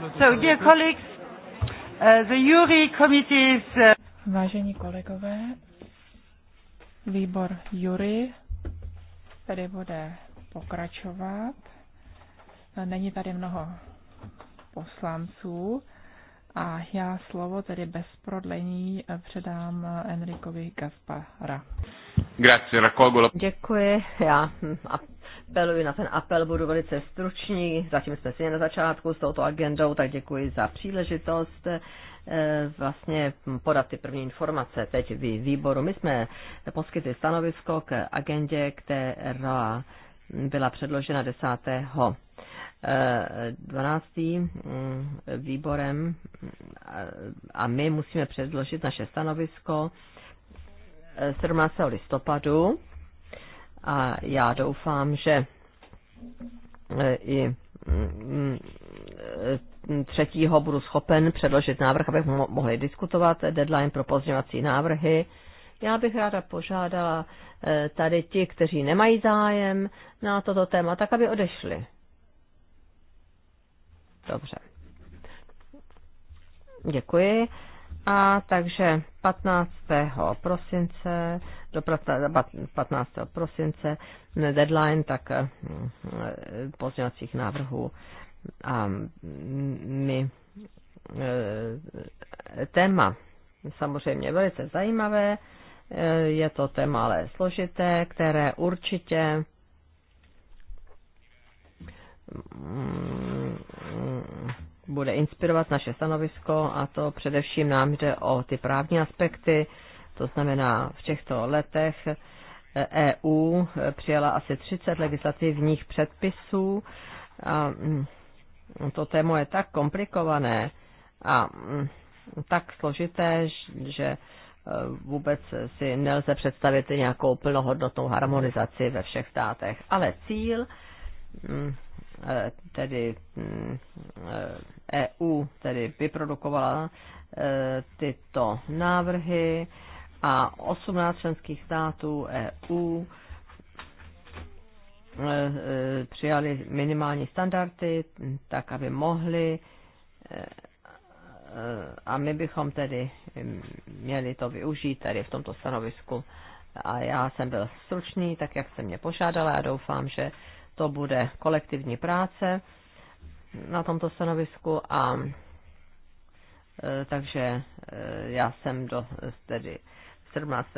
So, dear colleagues, uh, the jury committees. Uh... Vážení kolegové, výbor jury tedy bude pokračovat. Není tady mnoho poslanců a já slovo tedy bez prodlení předám Enrikovi Gaspara. Grazie, raccolgo. la... Děkuji, já apeluji na ten apel, budu velice stručný, zatím jsme si na začátku s touto agendou, tak děkuji za příležitost eh, vlastně podat ty první informace teď výboru. My jsme poskytli stanovisko k agendě, která byla předložena 10. 12. Eh, mm, výborem a my musíme předložit naše stanovisko 17. Eh, listopadu a já doufám, že e, i mm, e, třetího budu schopen předložit návrh, abych mohli diskutovat deadline pro pozměňovací návrhy. Já bych ráda požádala e, tady ti, kteří nemají zájem na toto téma, tak aby odešli. Dobře. Děkuji. A takže 15. prosince, do 15. prosince deadline tak eh, pozměňovacích návrhů a my eh, téma samozřejmě velice zajímavé, eh, je to téma ale složité, které určitě mm, bude inspirovat naše stanovisko a to především nám jde o ty právní aspekty, to znamená v těchto letech EU přijala asi 30 legislativních předpisů a mm, to téma je tak komplikované a mm, tak složité, že e, vůbec si nelze představit nějakou plnohodnotnou harmonizaci ve všech státech. Ale cíl mm, Eh, tedy hm, EU eh, e tedy vyprodukovala eh, tyto návrhy a 18 členských států EU přijali minimální standardy, hm, tak aby mohli a my bychom tedy hm, měli to využít tady v tomto stanovisku. A já jsem byl stručný, tak jak jsem mě požádala a doufám, že to bude kolektivní práce na tomto stanovisku a e, takže e, já jsem do tedy 17.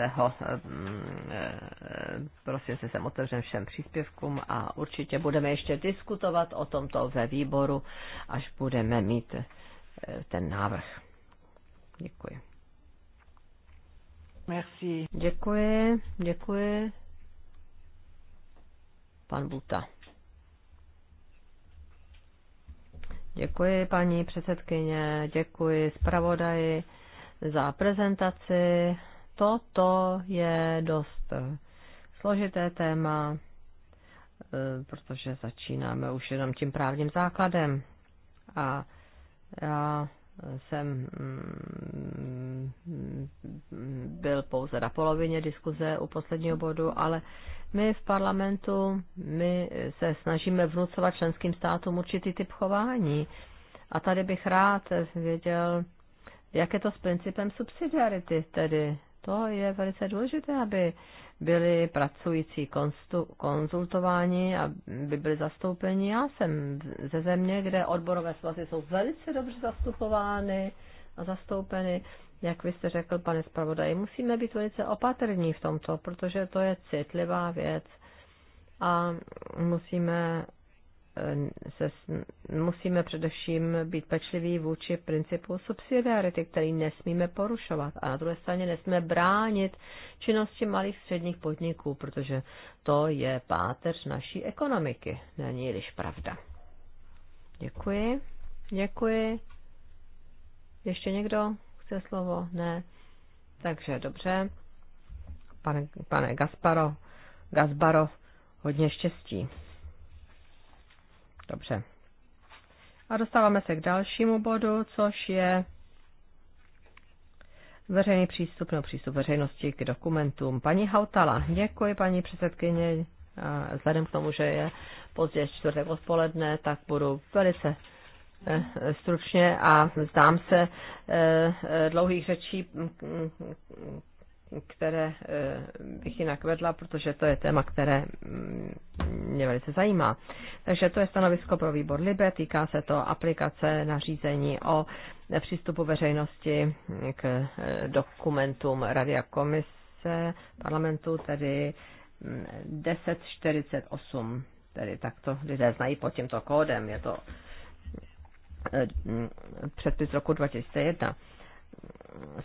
prosím se sem otevřen všem příspěvkům a určitě budeme ještě diskutovat o tomto ve výboru, až budeme mít e, ten návrh. Děkuji. Merci. Děkuji, děkuji pan Buta. Děkuji paní předsedkyně, děkuji zpravodaji za prezentaci. Toto je dost složité téma, eh, protože začínáme už jenom tím právním základem. A já jsem mm, byl pouze na polovině diskuze u posledního bodu, ale my v parlamentu my se snažíme vnucovat členským státům určitý typ chování. A tady bych rád věděl, jak je to s principem subsidiarity, tedy to je velice důležité, aby byli pracující konzultováni, by byli zastoupeni. Já jsem ze země, kde odborové svazy jsou velice dobře zastupovány a zastoupeny jak vy jste řekl, pane zpravodaji, musíme být velice opatrní v tomto, protože to je citlivá věc a musíme, eh, se, musíme především být pečliví vůči principu subsidiarity, který nesmíme porušovat. A na druhé straně nesmíme bránit činnosti malých středních podniků, protože to je páteř naší ekonomiky, není-liž pravda. Děkuji. Děkuji. Ještě někdo? chce slovo? Ne. Takže dobře. Pane, pane Gasparo, Gasparo, hodně štěstí. Dobře. A dostáváme se k dalšímu bodu, což je veřejný přístup nebo přístup veřejnosti k dokumentům. Paní Hautala, děkuji paní předsedkyně. Vzhledem k tomu, že je pozdě čtvrtek odpoledne, tak budu velice Eh, stručně a zdám se eh, dlouhých řečí, které eh, bych jinak vedla, protože to je téma, které mm, mě velice zajímá. Takže to je stanovisko pro výbor Libe, týká se to aplikace nařízení o přístupu veřejnosti k dokumentům Rady a komise parlamentu, tedy 1048. Mm, tedy takto lidé znají pod tímto kódem. Je to Eh, předpis roku 2001.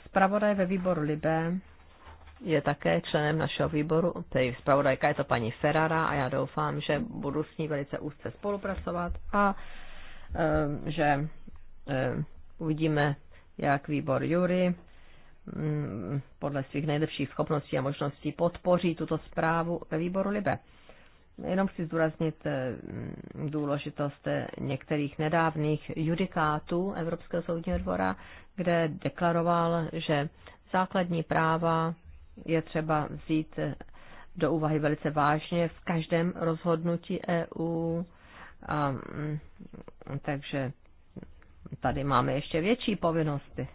Spravodaj ve výboru Libe je také členem našeho výboru, tedy spravodajka je to paní Ferrara a já doufám, že budu s ní velice úzce spolupracovat a eh, že eh, uvidíme, jak výbor Jury mm, podle svých nejlepších schopností a možností podpoří tuto zprávu ve výboru Libe. Jenom chci zdůraznit eh, mm, důležitost eh, některých nedávných judikátů Evropského soudního dvora, kde deklaroval, že základní práva je třeba vzít eh, do úvahy velice vážně v každém rozhodnutí EU. A, mm, takže tady máme ještě větší povinnosti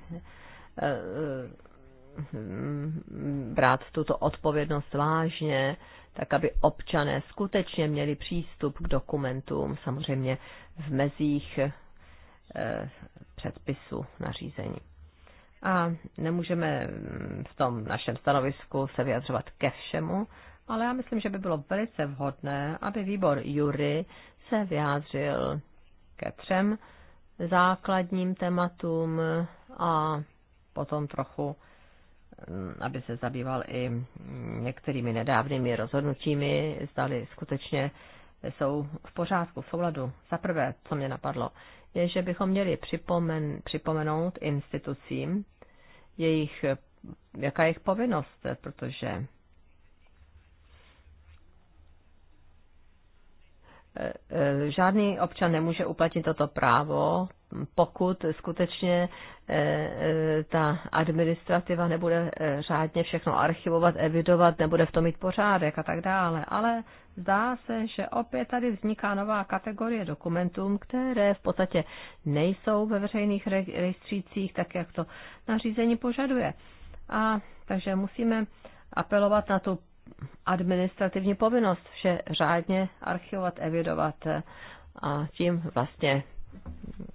Hm, brát tuto odpovědnost vážně, tak aby občané skutečně měli přístup k dokumentům, samozřejmě v mezích eh, předpisu nařízení. A nemůžeme hm, v tom našem stanovisku se vyjadřovat ke všemu, ale já myslím, že by bylo velice vhodné, aby výbor Jury se vyjádřil ke třem základním tématům a potom trochu Mm, aby se zabýval i mm, některými nedávnými rozhodnutími, zdali skutečně jsou v pořádku, v souladu. Za prvé, co mě napadlo, je, že bychom měli připomen, připomenout institucím, jejich, jaká je jejich povinnost, protože Eh, eh, žádný občan nemůže uplatnit toto právo, pokud skutečně eh, ta administrativa nebude řádně všechno archivovat, evidovat, nebude v tom mít pořádek a tak dále. Ale zdá se, že opět tady vzniká nová kategorie dokumentů, které v podstatě nejsou ve veřejných rejstřících, tak jak to nařízení požaduje. A takže musíme apelovat na tu administrativní povinnost vše řádně archivovat, evidovat a tím vlastně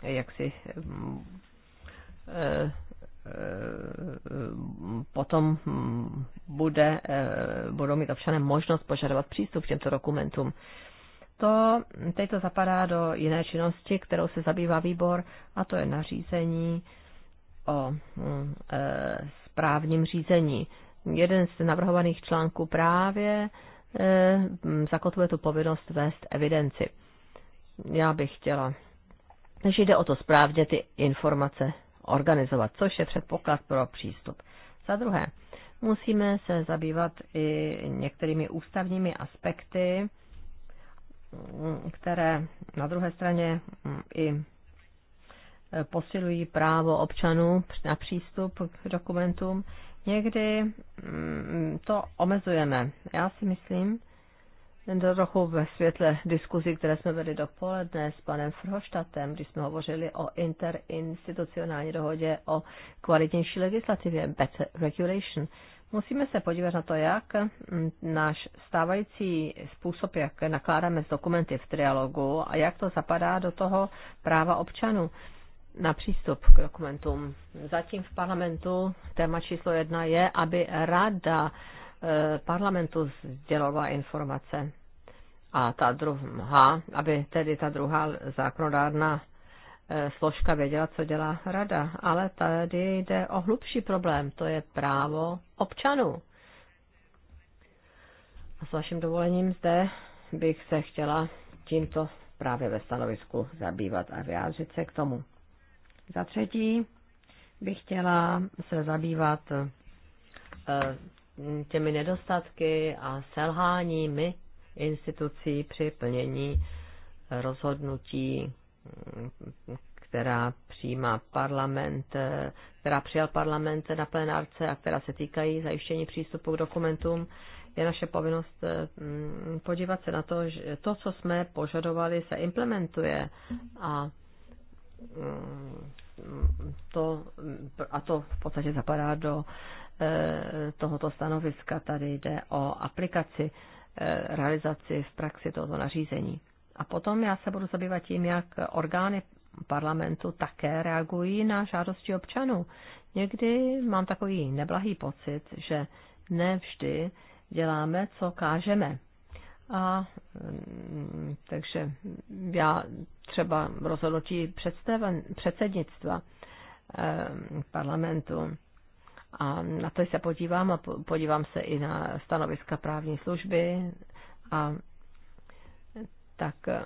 eh, jak si eh, eh, potom hm, bude, budou mít občané možnost požadovat přístup k těmto dokumentům. To, teď to zapadá do jiné činnosti, kterou se zabývá výbor, a to je nařízení o hm, správním řízení jeden z navrhovaných článků právě e, zakotvuje tu povinnost vést evidenci. Já bych chtěla, že jde o to správně ty informace organizovat, což je předpoklad pro přístup. Za druhé, musíme se zabývat i některými ústavními aspekty, které na druhé straně i e, posilují právo občanů na přístup k dokumentům. Někdy mm, to omezujeme. Já si myslím, do trochu ve světle diskuzí, které jsme vedli dopoledne s panem Frohštatem, když jsme hovořili o interinstitucionální dohodě o kvalitnější legislativě, better regulation. Musíme se podívat na to, jak mm, náš stávající způsob, jak nakládáme s dokumenty v trialogu a jak to zapadá do toho práva občanů na přístup k dokumentům. Zatím v parlamentu téma číslo jedna je, aby rada eh, parlamentu sdělovala informace. A ta druhá, aby tedy ta druhá zákonodárna eh, složka věděla, co dělá rada. Ale tady jde o hlubší problém, to je právo občanů. A s vaším dovolením zde bych se chtěla tímto právě ve stanovisku zabývat a vyjádřit se k tomu. Za třetí bych chtěla se zabývat eh, těmi nedostatky a selháními institucí při plnění rozhodnutí, která přijímá parlament, eh, která přijal parlament na plenárce a která se týkají zajištění přístupu k dokumentům, je naše povinnost eh, podívat se na to, že to, co jsme požadovali, se implementuje a Mm, to, mm, a to v podstatě zapadá do eh, tohoto stanoviska. Tady jde o aplikaci, eh, realizaci v praxi tohoto nařízení. A potom já se budu zabývat tím, jak orgány parlamentu také reagují na žádosti občanů. Někdy mám takový neblahý pocit, že nevždy děláme, co kážeme. A mm, takže já třeba rozhodnutí předsednictva eh, parlamentu a na to se podívám a podívám se i na stanoviska právní služby a tak eh,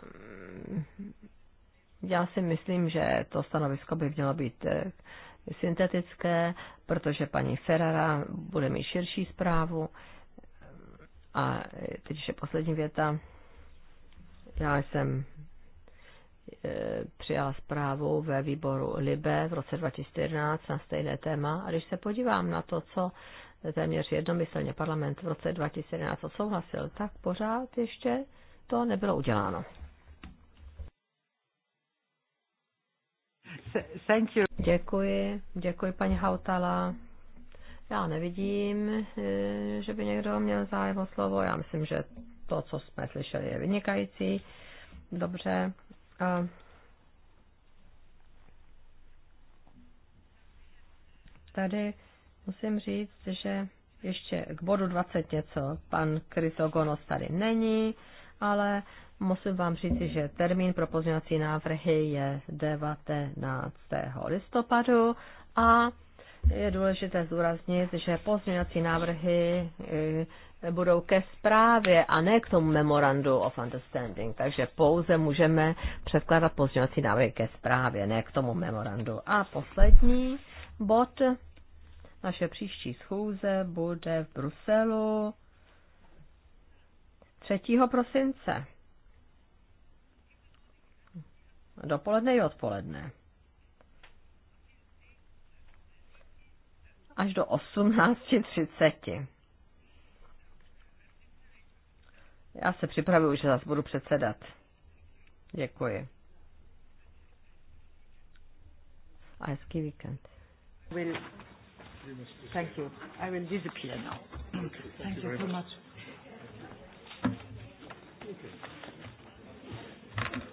já si myslím, že to stanovisko by mělo být eh, syntetické, protože paní Ferrara bude mít širší zprávu a teď ještě poslední věta. Já jsem e, přijala zprávu ve výboru Libe v roce 2014 na stejné téma. A když se podívám na to, co téměř jednomyslně parlament v roce 2011 souhlasil, tak pořád ještě to nebylo uděláno. Děkuji, děkuji paní Hautala. Já nevidím, e, že by někdo měl zájem o slovo. Já myslím, že to, co jsme slyšeli, je vynikající. Dobře. A tady musím říct, že ještě k bodu 20 něco. Pan Krysogonos tady není, ale musím vám říct, že termín pro pozměňovací návrhy je 19. listopadu a je důležité zdůraznit, že pozměňovací návrhy e, budou ke zprávě a ne k tomu memorandu of understanding. Takže pouze můžeme předkládat pozměňovací návrhy ke zprávě, ne k tomu memorandu. A poslední bod naše příští schůze bude v Bruselu 3. prosince. Dopoledne i odpoledne. až do 18.30. Já se připravuju, že zase budu předsedat. Děkuji. A hezký víkend. Will... Thank you. I will disappear now. Okay, thank, thank you so much. Okay.